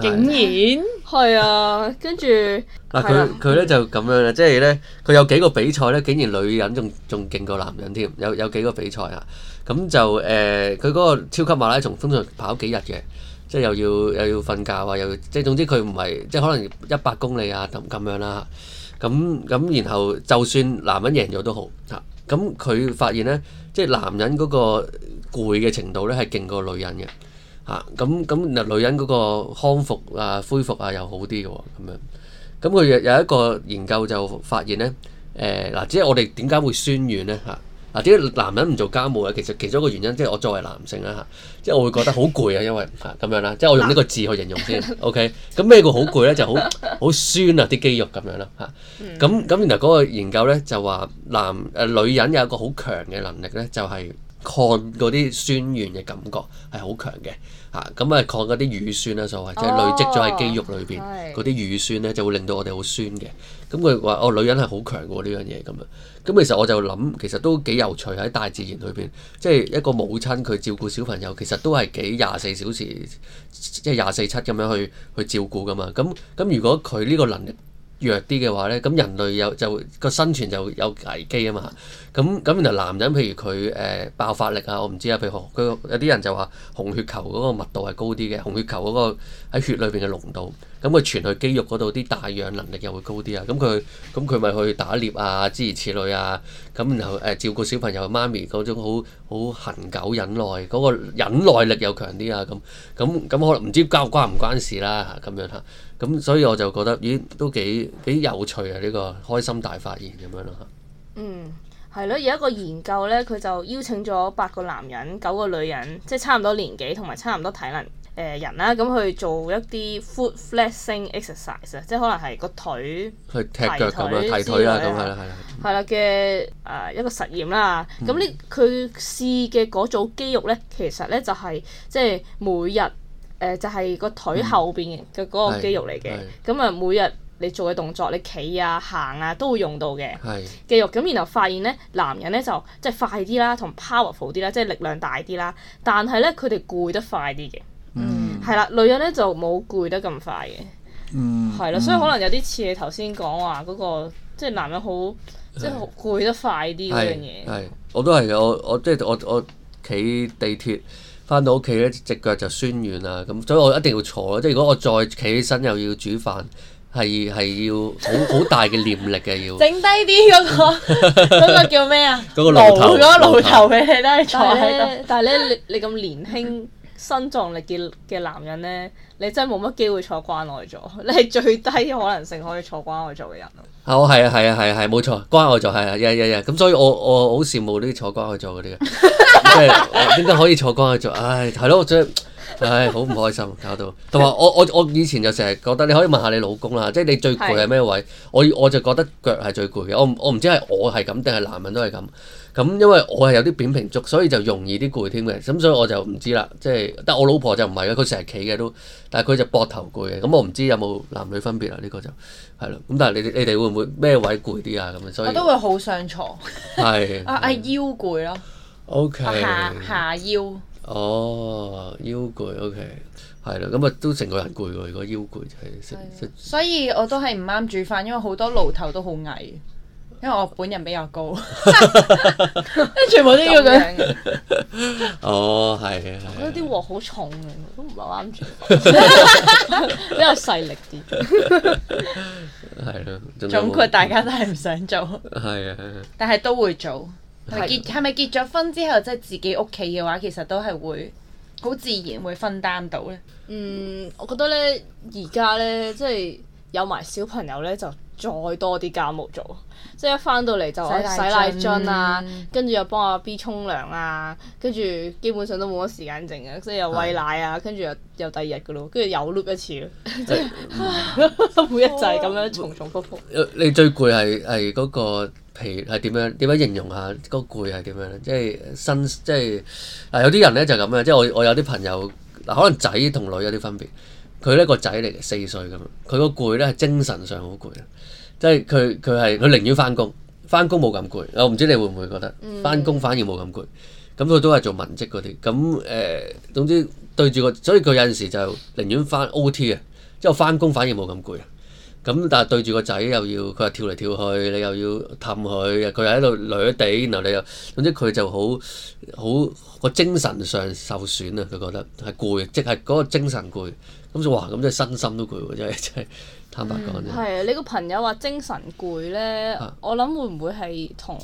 竟然係啊！跟住嗱，佢佢咧就咁樣啦，即係咧佢有幾個比賽咧，竟然女人仲仲勁過男人添，有有幾個比賽啊！咁就誒，佢、呃、嗰個超級馬拉松通常跑幾日嘅，即係又要又要瞓覺啊，又要即係總之佢唔係即係可能一百公里啊咁咁樣啦、啊。咁咁然後就算男人贏咗都好嚇，咁、啊、佢發現咧，即係男人嗰個攰嘅程度咧係勁過女人嘅嚇。咁、啊、咁女人嗰個康復啊、恢復啊又好啲嘅喎，咁樣。咁佢有一個研究就發現咧，誒、呃、嗱，即係我哋點解會酸軟咧嚇？啊。嗱，點解、啊、男人唔做家務嘅？其實其中一個原因，即係我作為男性啦嚇、啊，即係我會覺得好攰啊，因為咁、啊、樣啦，即係我用呢個字去形容先、啊、OK？咁咩叫好攰咧？就好、是、好酸啊，啲肌肉咁樣啦嚇。咁咁原來嗰個研究咧就話男誒、啊、女人有一個好強嘅能力咧，就係、是。抗嗰啲酸源嘅感覺係好強嘅嚇，咁、嗯、啊抗嗰啲乳酸啦，所謂即係累積咗喺肌肉裏邊嗰啲乳酸咧，就會令到我哋好酸嘅。咁佢話哦，女人係好強喎呢樣嘢咁啊。咁其實我就諗，其實都幾有趣喺大自然裏邊，即係一個母親佢照顧小朋友，其實都係幾廿四小時，即係廿四七咁樣去去照顧噶嘛。咁咁如果佢呢個能力弱啲嘅話咧，咁人類有就個生存就有危機啊嘛。咁咁然後男人譬如佢誒、呃、爆發力啊，我唔知啊。譬如佢有啲人就話紅血球嗰個密度係高啲嘅，紅血球嗰個喺血裏邊嘅濃度，咁佢傳去肌肉嗰度啲帶氧能力又會高啲啊。咁佢咁佢咪去打獵啊，諸如此類啊。咁然後誒、呃、照顧小朋友媽咪嗰種好好恆久忍耐，嗰、那個忍耐力又強啲啊。咁咁咁可能唔知交關唔關事啦、啊、嚇，咁樣嚇。咁所以我就覺得咦都幾幾有趣啊！呢、這個開心大發現咁樣咯。嗯，係咯，有一個研究咧，佢就邀請咗八個男人、九個女人，即係差唔多年紀同埋差唔多體能誒、呃、人啦，咁去做一啲 foot flexing exercise 啊，即係可能係個腿去踢腳咁樣踢腿啊，咁係啦係啦。係啦嘅誒一個實驗啦，咁呢佢試嘅嗰組肌肉咧，其實咧就係、是就是、即係每日。誒，就係個腿後邊嘅嗰個肌肉嚟嘅，咁啊，每日你做嘅動作，你企啊、行啊，都會用到嘅肌肉。咁然後發現咧，男人咧就即係快啲啦，同 powerful 啲啦，即係力量大啲啦。但係咧，佢哋攰得快啲嘅，係啦、mm.。女人咧就冇攰得咁快嘅，係啦、mm hmm.。所以可能有啲似你頭先講話嗰個，即係男人好係即係攰得快啲嗰樣嘢。係，我都係嘅。我我即係我我企地鐵。翻到屋企咧，隻腳就酸軟啦，咁所以我一定要坐咯。即係如果我再企起身又要煮飯，係係要好好大嘅念力嘅要。整 低啲嗰、那個嗰 個叫咩啊？嗰 個爐頭，嗰個爐頭嘅都係坐得。但係咧， 但係你你咁年輕、身壯力健嘅男人咧，你真係冇乜機會坐關愛座。你係最低可能性可以坐關愛座嘅人咯。哦、啊，我係啊，係啊，係係冇錯，關愛座係啊，日日日咁，所以我我好羨慕啲坐關愛座嗰啲嘅， 即係點解可以坐關愛座？唉，係咯，真係唉，好唔開心搞到。同埋我我我以前就成日覺得，你可以問下你老公啦，即係你最攰係咩位？的我我就覺得腳係最攰嘅。我我唔知係我係咁定係男人都係咁。咁因為我係有啲扁平足，所以就容易啲攰添嘅。咁所以我就唔知啦，即係，但我老婆就唔係嘅，佢成日企嘅都，但係佢就膊頭攰嘅。咁我唔知有冇男女分別啊？呢個就係咯。咁但係你你哋會唔會咩位攰啲啊？咁啊，所以我都會好上床。係啊，係腰攰咯。O K，下腰。哦，腰攰。O K，係咯。咁啊都成個人攰喎。如果腰攰係，所以我都係唔啱煮飯，因為好多爐頭都好矮。因為我本人比較高， 全部都要佢。哦，係。覺得啲鑊好重嘅，都唔係話唔做，比較勢力啲。係咯。總括大家都係唔想做。係啊。 但係都會做。的結係咪結咗婚之後，即係自己屋企嘅話，其實都係會好自然會分擔到咧。嗯，我覺得咧，而家咧，即係。有埋小朋友咧，就再多啲家務做，即係一翻到嚟就洗奶樽啊，跟住又幫阿 B 沖涼啊，跟住基本上都冇乜時間剩啊，所以又餵奶啊，跟住又又第二日噶咯，跟住又碌一次咯，即係每一就係咁樣重重複複。有你最攰係係嗰個皮係點樣？點樣形容下嗰攰係點樣咧？即係身即係嗱，有啲人咧就係咁樣，即係我我有啲朋友可能仔同女有啲分別。佢呢個仔嚟嘅，四歲咁樣，佢個攰咧係精神上好攰啊！即係佢佢係佢寧願翻工，翻工冇咁攰。我唔知你會唔會覺得翻工反而冇咁攰？咁佢都係做文職嗰啲。咁誒、呃，總之對住個，所以佢有陣時就寧願翻 O.T. 啊。即係翻工反而冇咁攰。咁但係對住個仔又要，佢係跳嚟跳去，你又要氹佢，佢又喺度攣地，然後你又，總之佢就好好個精神上受損啊！佢覺得係攰，即係嗰個精神攰。咁就話咁即係身心都攰喎，真係真係坦白講啫。係、嗯、啊，你個朋友話精神攰咧，我諗會唔會係同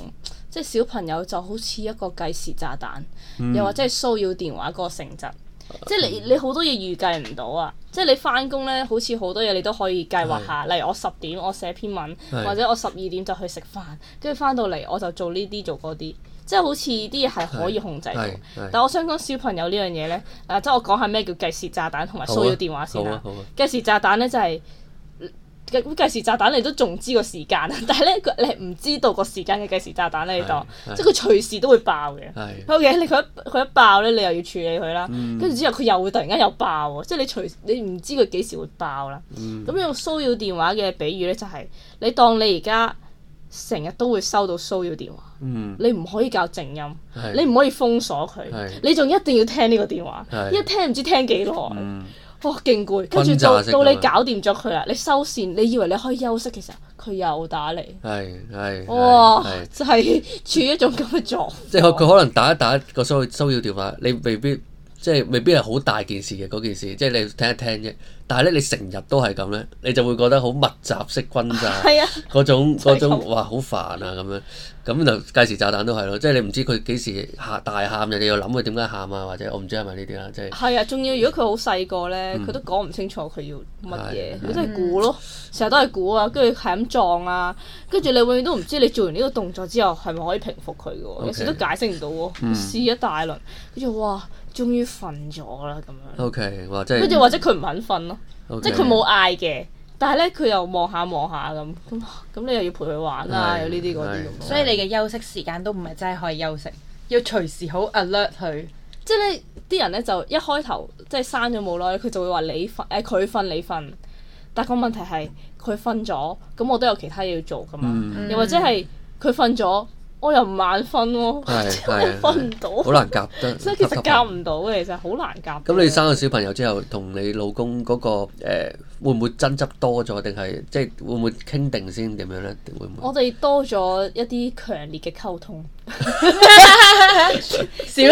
即係小朋友就好似一個計時炸彈，嗯、又或者係騷擾電話嗰個性質，啊嗯、即係你你好多嘢預計唔到啊！即係你翻工咧，好似好多嘢你都可以計劃下，是例如我十點我寫篇文，是或者我十二點就去食飯，跟住翻到嚟我就做呢啲做嗰啲。即係好似啲嘢係可以控制到，但係我想講小朋友呢樣嘢咧，誒、啊、即係我講下咩叫計時炸彈同埋騷擾電話先啦。計時炸彈咧就係計計時炸彈，你都仲知個時間，但係咧你唔知道個時間嘅計時炸彈咧，你當對即係佢隨時都會爆嘅。對 O.K. 你佢一佢一爆咧，你又要處理佢啦，跟住、嗯、之後佢又會突然間又爆喎，即係你隨你唔知佢幾時會爆啦。咁、嗯、用騷擾電話嘅比喻咧，就係、是、你當你而家成日都會收到騷擾電話。嗯，你唔可以教靜音，你唔可以封鎖佢，你仲一定要聽呢個電話，一聽唔知聽幾耐，哇，勁攰，跟住到到你搞掂咗佢啦，你收線，你以為你可以休息嘅時候，佢又打你。係係，哇就係處於一種咁嘅狀況，即係佢可能打一打個騷擾騷擾電話，你未必。即係未必係好大件事嘅嗰件事，即係你聽一聽啫。但係咧，你成日都係咁咧，你就會覺得好密集式轟炸，嗰種嗰種，種哇，好煩啊咁樣。咁就計時炸彈都係咯，即係你唔知佢幾時喊大喊嘅，你又諗佢點解喊啊？或者我唔知係咪呢啲啦，即係係啊，仲要如果佢好細個咧，佢、嗯、都講唔清楚佢要乜嘢，佢都係估咯，成日都係估啊，跟住係咁撞啊，跟住你永遠都唔知你做完呢個動作之後係咪可以平復佢嘅，okay, 嗯、有時都解釋唔到喎，試一大輪，跟住哇！終於瞓咗啦，咁樣。O K，跟住或者佢唔肯瞓咯，即係佢冇嗌嘅，但係咧佢又望下望下咁，咁咁你又要陪佢玩啦，有呢啲嗰啲咁，些些對所以你嘅休息時間都唔係真係可以休息，要隨時好 alert 佢。即係咧啲人咧就一開頭即係生咗冇耐，佢就會話你瞓誒佢瞓你瞓，但個問題係佢瞓咗，咁我都有其他嘢要做㗎嘛，又、嗯、或者係佢瞓咗。我又唔眼瞓喎、啊，我瞓唔到，好難夾得，即係其實夾唔到嘅，其實好難夾。咁你生咗小朋友之後，同你老公嗰、嗰個誒、呃，會唔會爭執多咗？定係即係會唔會傾定先點樣咧？會唔？我哋多咗一啲強烈嘅溝通，少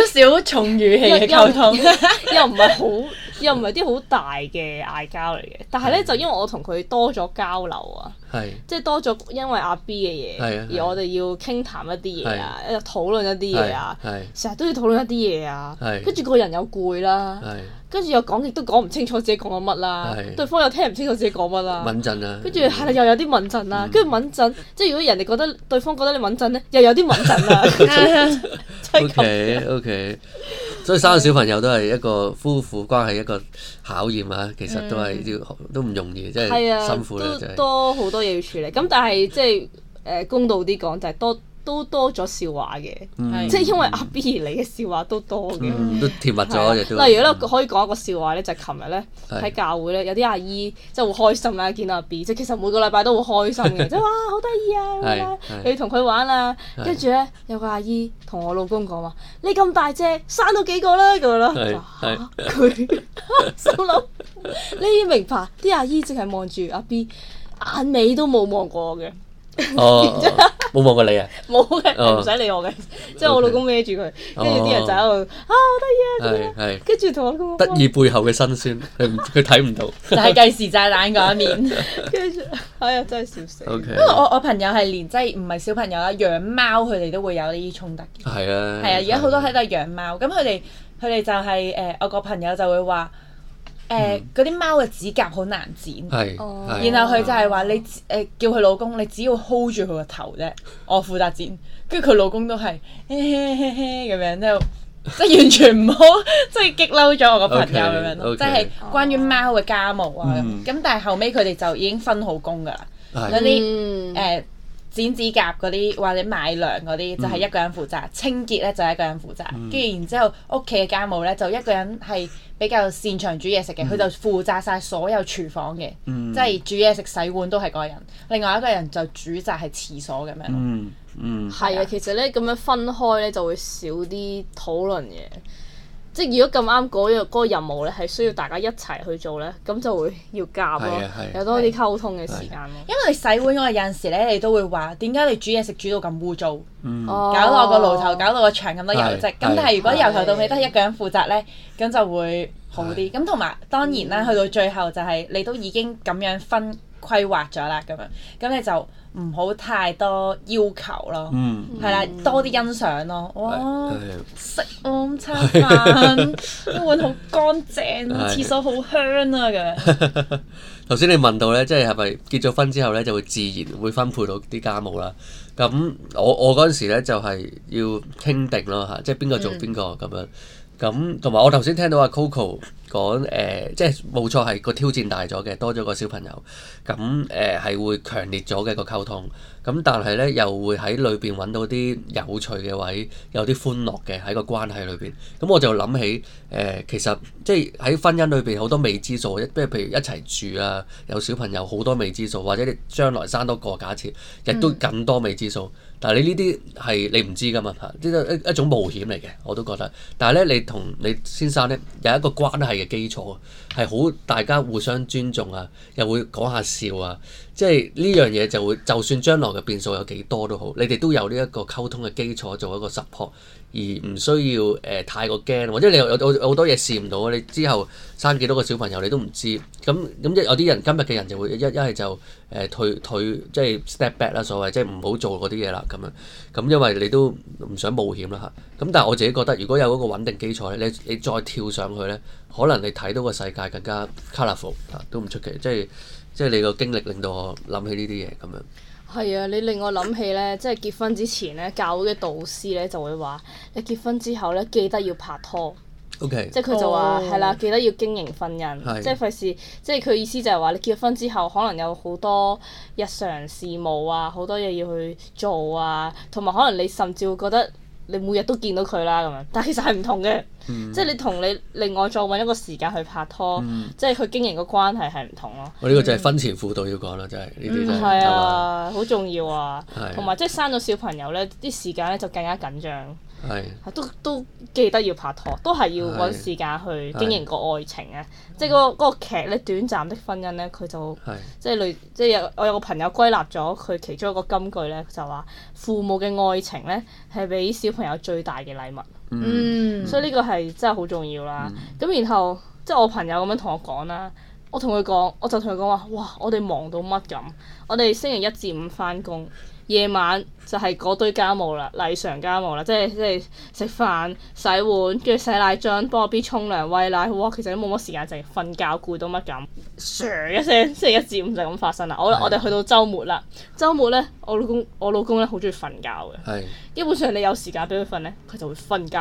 少重語氣嘅溝通， 又唔係好，又唔係啲好大嘅嗌交嚟嘅。但係咧，的就因為我同佢多咗交流啊。係，即係多咗因為阿 B 嘅嘢，而我哋要傾談一啲嘢啊，一討論一啲嘢啊，成日都要討論一啲嘢啊，跟住個人又攰啦，跟住又講亦都講唔清楚自己講緊乜啦，對方又聽唔清楚自己講乜啦，穩陣啦，跟住係啦，又有啲穩陣啦，跟住穩陣，即係如果人哋覺得對方覺得你穩陣咧，又有啲穩陣啦。OK，OK，所以三個小朋友都係一個夫婦關係一個。考驗啊，其實都係要、嗯、都唔容易，真係辛苦啦，就係多好多嘢要處理。咁但係即係誒公道啲講就係多。都多咗笑話嘅，即係因為阿 B 而嚟嘅笑話都多嘅，都甜蜜咗。例如咧，可以講一個笑話咧，就係琴日咧喺教會咧，有啲阿姨即係好開心啊，見到阿 B，即係其實每個禮拜都好開心嘅，即係哇好得意啊，你同佢玩啊。跟住咧有個阿姨同我老公講話：你咁大隻，生到幾個啦咁樣。佢心諗呢啲明白，啲阿姨淨係望住阿 B，眼尾都冇望過我嘅。哦，冇望過你啊，冇嘅，唔使理我嘅，即係我老公孭住佢，跟住啲人就喺度。啊好得意啊，跟住同我老公得意背後嘅辛酸，佢唔佢睇唔到，就係計時炸彈嗰一面，跟住哎呀真係笑死，因為我我朋友係連即係唔係小朋友啦，養貓佢哋都會有呢啲衝突嘅，係啊，係啊，而家好多喺度養貓，咁佢哋佢哋就係誒，我個朋友就會話。誒嗰啲貓嘅指甲好難剪，哦、然後佢就係話你誒、呃、叫佢老公，你只要 hold 住佢個頭啫，我負責剪。跟住佢老公都係嘿嘿嘿嘿咁樣，即係完全唔好，即係激嬲咗我個朋友咁樣，okay, okay，即係關於貓嘅家務、哦嗯、啊。咁但係後尾，佢哋就已經分好工噶啦，嗰啲誒。剪指甲嗰啲或者買糧嗰啲就係、是、一個人負責，嗯、清潔咧就係、是、一個人負責，跟住、嗯、然之後屋企嘅家務咧就一個人係比較擅長煮嘢食嘅，佢、嗯、就負責晒所有廚房嘅，嗯、即係煮嘢食、洗碗都係嗰個人。另外一個人就主責係廁所咁樣囉、嗯。嗯嗯，係啊，其實咧咁樣分開咧就會少啲討論嘢。即係如果咁啱嗰個任務咧係需要大家一齊去做咧，咁就會要夾咯， 有多啲溝通嘅時間咯。因為你洗碗嗰陣時咧，你都會話點解你煮嘢食煮到咁污糟，嗯、搞到個爐頭、 搞到個牆咁多油漬。咁 但係如果由頭到尾都係一個人負責咧，咁 就會好啲。咁同埋當然啦，去到最後就係你都已經咁樣分。規劃咗啦，咁樣咁你就唔好太多要求咯，係啦、嗯，多啲欣賞咯。哇，食安餐飯， 碗好乾淨，廁的所好香啊！咁頭先你問到咧，即係係咪結咗婚之後咧就會自然會分配到啲家務啦？咁我我嗰陣時咧就係要傾定咯吓，即係邊個做邊個咁樣。咁同埋我頭先聽到阿 Coco 講，誒、呃，即係冇錯係個挑戰大咗嘅，多咗個小朋友，咁誒係會強烈咗嘅個溝通，咁但係咧又會喺裏邊揾到啲有趣嘅位，有啲歡樂嘅喺個關係裏邊。咁我就諗起誒、呃，其實即係喺婚姻裏邊好多未知數，即係譬如一齊住啊，有小朋友好多未知數，或者你將來生多個，假設，亦都更多未知數。嗯但係你呢啲係你唔知噶嘛，嚇！呢一一種冒險嚟嘅，我都覺得。但係咧，你同你先生咧有一個關係嘅基礎，係好大家互相尊重啊，又會講下笑啊，即係呢樣嘢就會，就算將來嘅變數有幾多都好，你哋都有呢一個溝通嘅基礎，做一個 support。而唔需要誒、呃、太過驚，或者你有有好多嘢試唔到，你之後生幾多個小朋友你都唔知，咁咁即有啲人今日嘅人就會一一係就誒、呃、退退，即係 step back 啦，所謂即係唔好做嗰啲嘢啦咁樣。咁因為你都唔想冒險啦嚇。咁、啊、但係我自己覺得，如果有嗰個穩定基礎，你你再跳上去咧，可能你睇到個世界更加 colorful 都唔出奇。即係即係你個經歷令到我諗起呢啲嘢咁樣。係啊，你令我諗起咧，即係結婚之前咧，教會嘅導師咧就會話：你結婚之後咧，記得要拍拖。Okay. 即係佢就話係啦，記得要經營婚姻。即係費事，即係佢意思就係話，你結婚之後可能有好多日常事務啊，好多嘢要去做啊，同埋可能你甚至會覺得。你每日都見到佢啦，咁樣，但係其實係唔同嘅，即係你同你另外再揾一個時間去拍拖，嗯、即係佢經營個關係係唔同咯。我呢、哦呢個就係婚前輔導要講啦，真係呢啲係啊，好吧重要啊，同埋、啊、即係生咗小朋友呢啲時間呢，就更加緊張。係，都都記得要拍拖，都係要揾時間去經營個愛情啊！即係、嗰、嗰個嗰、嗰個、劇咧，短暫的婚姻咧，佢就係即係類，即係有我有個朋友歸納咗佢其中一個金句咧，就話父母嘅愛情咧係俾小朋友最大嘅禮物，嗯，嗯所以呢個係真係好重要啦。咁、嗯、然後即係我朋友咁樣同我講啦，我同佢講，我就同佢講話，哇！我哋忙到乜咁？我哋星期一至五返工。夜晚就係嗰堆家務啦，例常家務啦，即係即係食飯、洗碗，跟住洗奶樽、幫我 B 沖涼、餵奶，哇，其實都冇乜時間，嗯、就係瞓覺，攰到乜咁 s 一聲，星期一至五就咁發生啦的。我我哋去到周末啦，周末呢，我老公我老公呢好中意瞓覺嘅，的基本上你有時間俾佢瞓呢，佢就會瞓覺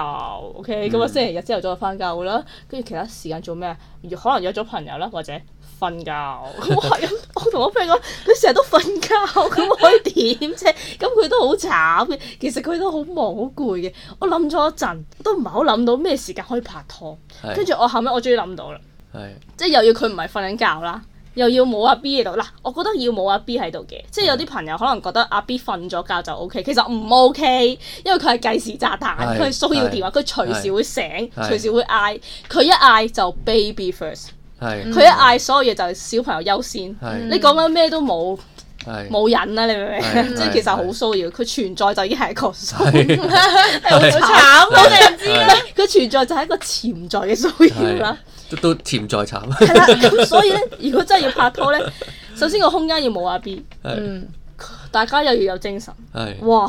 ，OK，咁啊、嗯、星期日朝頭早就返教會啦，跟住其他時間做咩？約可能約咗朋友啦，或者。瞓覺，我係咁，我同我 friend 講，佢成日都瞓覺，咁可以點啫？咁佢、 嗯嗯嗯、都好慘嘅，其實佢都好忙好攰嘅。我諗咗一陣，都唔係好諗到咩時間可以拍拖。跟住是的 我後尾我終於諗到啦，是的 即係又要佢唔係瞓緊覺啦，又要冇阿 B 喺度。嗱，我覺得要冇阿 B 喺度嘅，即係有啲朋友可能覺得阿 B 瞓咗覺就 O、OK, K，其實唔 O K，因為佢係計時炸彈，佢係騷擾電話，佢隨時會醒，隨時會嗌，佢一嗌就 Baby First。佢一嗌，所有嘢就係小朋友優先。你講緊咩都冇冇癮啦，你明唔明？即係其實好騷擾，佢存在就已經係一個騷擾，係好慘都你唔知咧。佢存在就係一個潛在嘅騷擾啦，都都潛在慘。係啦，咁所以如果真係要拍拖咧，首先個空間要冇阿 B，嗯，大家又要有精神。哇，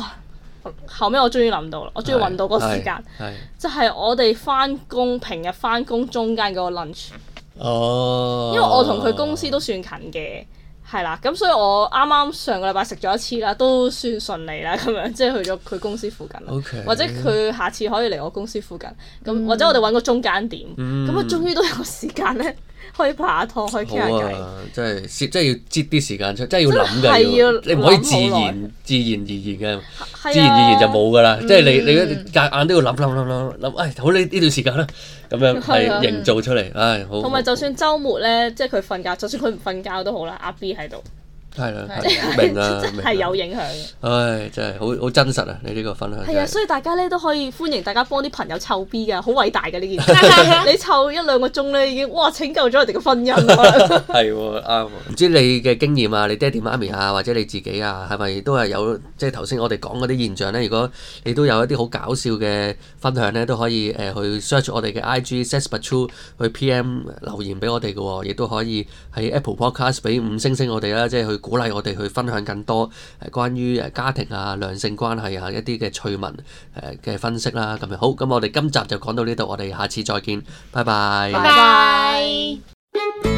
後尾我終於諗到啦，我終於搵到個時間，就係我哋翻工，平日翻工中間嗰個 lunch。Oh, 因為我同佢公司都算近嘅，係啦，oh，咁所以我啱啱上個禮拜食咗一次啦，都算順利啦，咁樣即係去咗佢公司附近，Okay. 或者佢下次可以嚟我公司附近，咁或者我哋揾個中間點，咁啊，嗯，終於都有時間呢。可以拍下拖，可以傾下偈。好啊，真係，即係要擠啲時間出，即係要諗㗎。真，要，真要，要，你唔可以自然自然而然嘅，自然而然就冇㗎啦。啊、即係你、嗯、你隔硬都要諗諗諗諗諗，哎，好呢呢段時間啦，咁樣係營造出嚟，唉，好。同埋、啊嗯、就算周末咧，即係佢瞓覺，就算佢唔瞓覺都好啦，阿 B 喺度。係啦，明啦，係有影響嘅。唉，真係好好真實啊！你呢個分享係啊，所以大家咧都可以歡迎大家幫啲朋友湊 B 㗎，好偉大嘅呢件事。 你湊一兩個鐘咧，你已經哇拯救咗我哋嘅婚姻。係 喎， 啱喎。唔知你嘅經驗啊，你爹哋媽咪啊，或者你自己啊，係咪都係有？即係頭先我哋講嗰啲現象咧，如果你都有一啲好搞笑嘅分享咧，都可以誒、呃、去 search 我哋嘅 IG，set up to 去 PM 留言俾我哋嘅喎，亦都可以喺 Apple Podcast 俾五星星星我哋啦，即係去。鼓勵我哋去分享更多誒關於誒家庭啊、兩性關係啊一啲嘅趣聞誒嘅分析啦。咁好，咁我哋今集就講到呢度，我哋下次再見，拜拜。拜拜。